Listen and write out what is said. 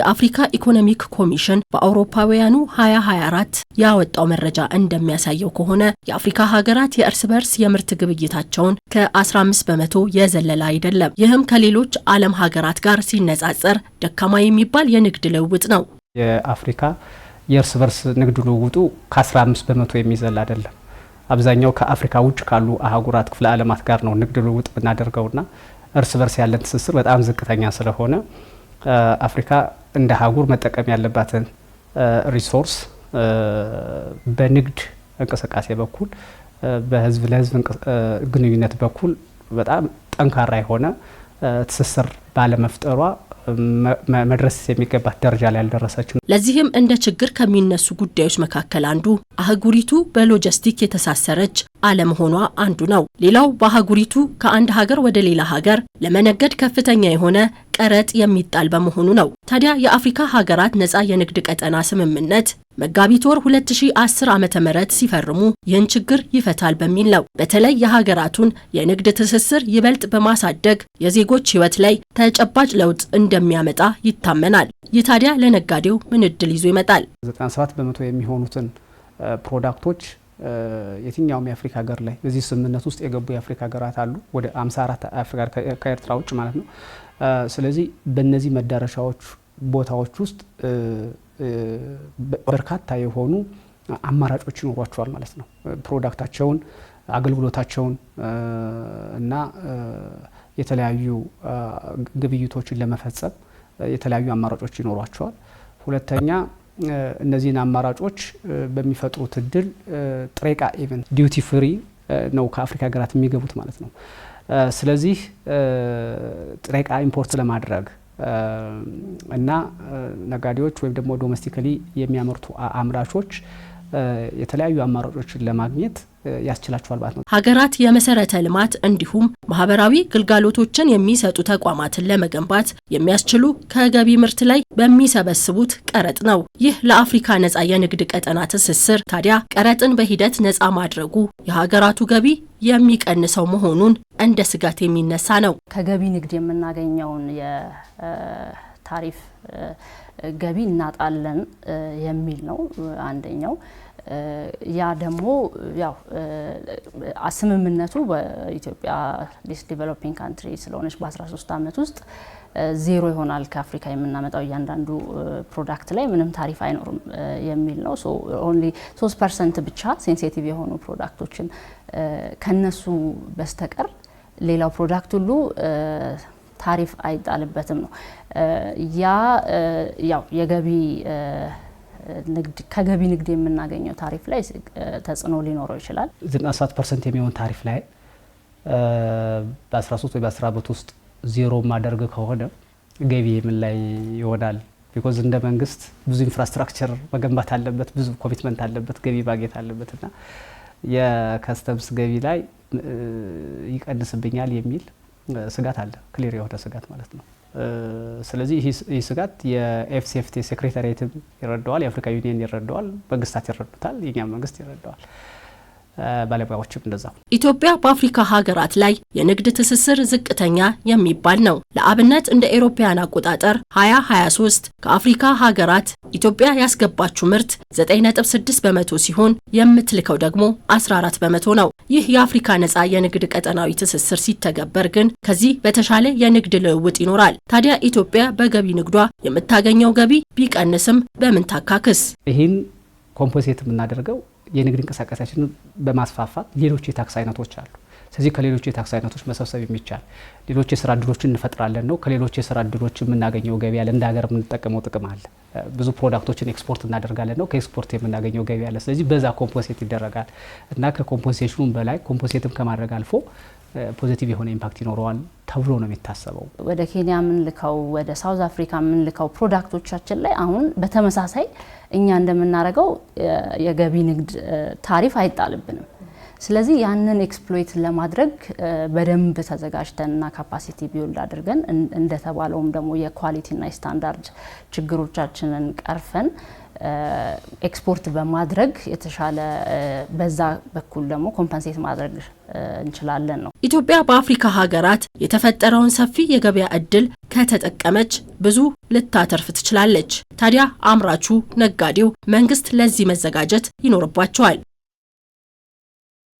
የአፍሪካ ኢኮኖሚክ ኮሚሽን በአውሮፓውያኑ 2024 ያወጣው መረጃ እንደሚያሳየው ከሆነ የአፍሪካ ሀገራት የእርስ በርስ የምርት ግብይታቸውን ከ15 በመቶ የዘለለ አይደለም። ይህም ከሌሎች ዓለም ሀገራት ጋር ሲነጻጸር ደካማ የሚባል የንግድ ልውውጥ ነው። የአፍሪካ የእርስ በርስ ንግድ ልውውጡ ከ15 በመቶ የሚዘል አይደለም። አብዛኛው ከአፍሪካ ውጭ ካሉ አህጉራት ክፍለ ዓለማት ጋር ነው ንግድ ልውውጥ ብናደርገውና እርስ በርስ ያለን ትስስር በጣም ዝቅተኛ ስለሆነ አፍሪካ እንደ አህጉር መጠቀም ያለባትን ሪሶርስ በንግድ እንቅስቃሴ በኩል በህዝብ ለህዝብ ግንኙነት በኩል በጣም ጠንካራ የሆነ ትስስር ባለመፍጠሯ መድረስ የሚገባት ደረጃ ላይ ያልደረሰች ነው። ለዚህም እንደ ችግር ከሚነሱ ጉዳዮች መካከል አንዱ አህጉሪቱ በሎጂስቲክ የተሳሰረች አለመሆኗ አንዱ ነው። ሌላው በአህጉሪቱ ከአንድ ሀገር ወደ ሌላ ሀገር ለመነገድ ከፍተኛ የሆነ ቀረጥ የሚጣል በመሆኑ ነው። ታዲያ የአፍሪካ ሀገራት ነጻ የንግድ ቀጠና ስምምነት መጋቢት ወር 2010 ዓ.ም ሲፈርሙ ይህን ችግር ይፈታል በሚል ነው። በተለይ የሀገራቱን የንግድ ትስስር ይበልጥ በማሳደግ የዜጎች ሕይወት ላይ ተጨባጭ ለውጥ እንደሚያመጣ ይታመናል። ይህ ታዲያ ለነጋዴው ምን እድል ይዞ ይመጣል? 97 በመቶ የሚሆኑትን ፕሮዳክቶች የትኛውም የአፍሪካ ሀገር ላይ በዚህ ስምምነት ውስጥ የገቡ የአፍሪካ ሀገራት አሉ። ወደ 54 ከኤርትራ ውጭ ማለት ነው ስለዚህ በእነዚህ መዳረሻዎች ቦታዎች ውስጥ በርካታ የሆኑ አማራጮች ይኖሯቸዋል ማለት ነው። ፕሮዳክታቸውን፣ አገልግሎታቸውን እና የተለያዩ ግብይቶችን ለመፈጸም የተለያዩ አማራጮች ይኖሯቸዋል። ሁለተኛ እነዚህን አማራጮች በሚፈጥሩት እድል ጥሬ ዕቃ ኢቨንት ዲዩቲ ፍሪ ነው ከአፍሪካ ሀገራት የሚገቡት ማለት ነው። ስለዚህ ጥሬ ዕቃ ኢምፖርት ለማድረግ እና ነጋዴዎች ወይም ደግሞ ዶሜስቲካሊ የሚያመርቱ አምራቾች የተለያዩ አማራጮችን ለማግኘት ያስችላቸዋል ማለት ነው። ሀገራት የመሰረተ ልማት እንዲሁም ማህበራዊ ግልጋሎቶችን የሚሰጡ ተቋማትን ለመገንባት የሚያስችሉ ከገቢ ምርት ላይ በሚሰበስቡት ቀረጥ ነው። ይህ ለአፍሪካ ነጻ የንግድ ቀጠና ትስስር ታዲያ ቀረጥን በሂደት ነጻ ማድረጉ የሀገራቱ ገቢ የሚቀንሰው መሆኑን እንደ ስጋት የሚነሳ ነው። ከገቢ ንግድ የምናገኘውን ታሪፍ ገቢ እናጣለን የሚል ነው አንደኛው። ያ ደግሞ ያው ስምምነቱ በኢትዮጵያ ሊስ ዲቨሎፒንግ ካንትሪ ስለሆነች በ13 ዓመት ውስጥ ዜሮ ይሆናል ከአፍሪካ የምናመጣው እያንዳንዱ ፕሮዳክት ላይ ምንም ታሪፍ አይኖርም የሚል ነው። ኦንሊ ሶስት ፐርሰንት ብቻ ሴንሲቲቭ የሆኑ ፕሮዳክቶችን ከነሱ በስተቀር ሌላው ፕሮዳክት ሁሉ ታሪፍ አይጣልበትም ነው። ያ ያው የገቢ ንግድ ከገቢ ንግድ የምናገኘው ታሪፍ ላይ ተጽዕኖ ሊኖረው ይችላል። 97 ፐርሰንት የሚሆን ታሪፍ ላይ በ13 ወይ በ14 ውስጥ ዜሮ ማደርግ ከሆነ ገቢ ምን ላይ ይሆናል? ቢኮዝ እንደ መንግስት ብዙ ኢንፍራስትራክቸር መገንባት አለበት፣ ብዙ ኮሚትመንት አለበት፣ ገቢ ማግኘት አለበት እና የከስተምስ ገቢ ላይ ይቀንስብኛል የሚል ስጋት አለ፣ ክሊር የሆነ ስጋት ማለት ነው። ስለዚህ ይህ ስጋት የኤፍሲኤፍቲ ሴክሬታሪየትም ይረዳዋል፣ የአፍሪካ ዩኒየን ይረዳዋል፣ መንግስታት ይረዱታል፣ የኛም መንግስት ይረዳዋል። ባለሙያዎችም እንደዛው። ኢትዮጵያ በአፍሪካ ሀገራት ላይ የንግድ ትስስር ዝቅተኛ የሚባል ነው። ለአብነት እንደ ኤሮፓያን አቆጣጠር 2023 ከአፍሪካ ሀገራት ኢትዮጵያ ያስገባችው ምርት 9.6 በመቶ ሲሆን የምትልከው ደግሞ 14 በመቶ ነው። ይህ የአፍሪካ ነጻ የንግድ ቀጠናዊ ትስስር ሲተገበር ግን ከዚህ በተሻለ የንግድ ልውውጥ ይኖራል። ታዲያ ኢትዮጵያ በገቢ ንግዷ የምታገኘው ገቢ ቢቀንስም በምን ታካክስ? ይህን ኮምፖሴት የምናደርገው የንግድ እንቅስቃሴያችን በማስፋፋት ሌሎች የታክስ አይነቶች አሉ። ስለዚህ ከሌሎች የታክስ አይነቶች መሰብሰብ የሚቻል ሌሎች የስራ እድሎችን እንፈጥራለን ነው። ከሌሎች የስራ እድሎች የምናገኘው ገቢ አለ፣ እንደ ሀገር የምንጠቀመው ጥቅም አለ። ብዙ ፕሮዳክቶችን ኤክስፖርት እናደርጋለን ነው። ከኤክስፖርት የምናገኘው ገቢ አለ። ስለዚህ በዛ ኮምፖሴት ይደረጋል እና ከኮምፖንሴሽኑም በላይ ኮምፖሴትም ከማድረግ አልፎ ፖዚቲቭ የሆነ ኢምፓክት ይኖረዋል ተብሎ ነው የሚታሰበው። ወደ ኬንያ የምንልከው ወደ ሳውዝ አፍሪካ የምንልከው ፕሮዳክቶቻችን ላይ አሁን በተመሳሳይ እኛ እንደምናደርገው የገቢ ንግድ ታሪፍ አይጣልብንም። ስለዚህ ያንን ኤክስፕሎይት ለማድረግ በደንብ ተዘጋጅተንና ካፓሲቲ ቢውልድ አድርገን እንደተባለውም ደግሞ የኳሊቲና የስታንዳርድ ችግሮቻችንን ቀርፈን ኤክስፖርት በማድረግ የተሻለ በዛ በኩል ደግሞ ኮምፐንሴት ማድረግ እንችላለን ነው። ኢትዮጵያ በአፍሪካ ሀገራት የተፈጠረውን ሰፊ የገበያ እድል ከተጠቀመች ብዙ ልታተርፍ ትችላለች። ታዲያ አምራቹ፣ ነጋዴው፣ መንግስት ለዚህ መዘጋጀት ይኖርባቸዋል።